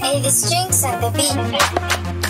Hey, the strings and the beat.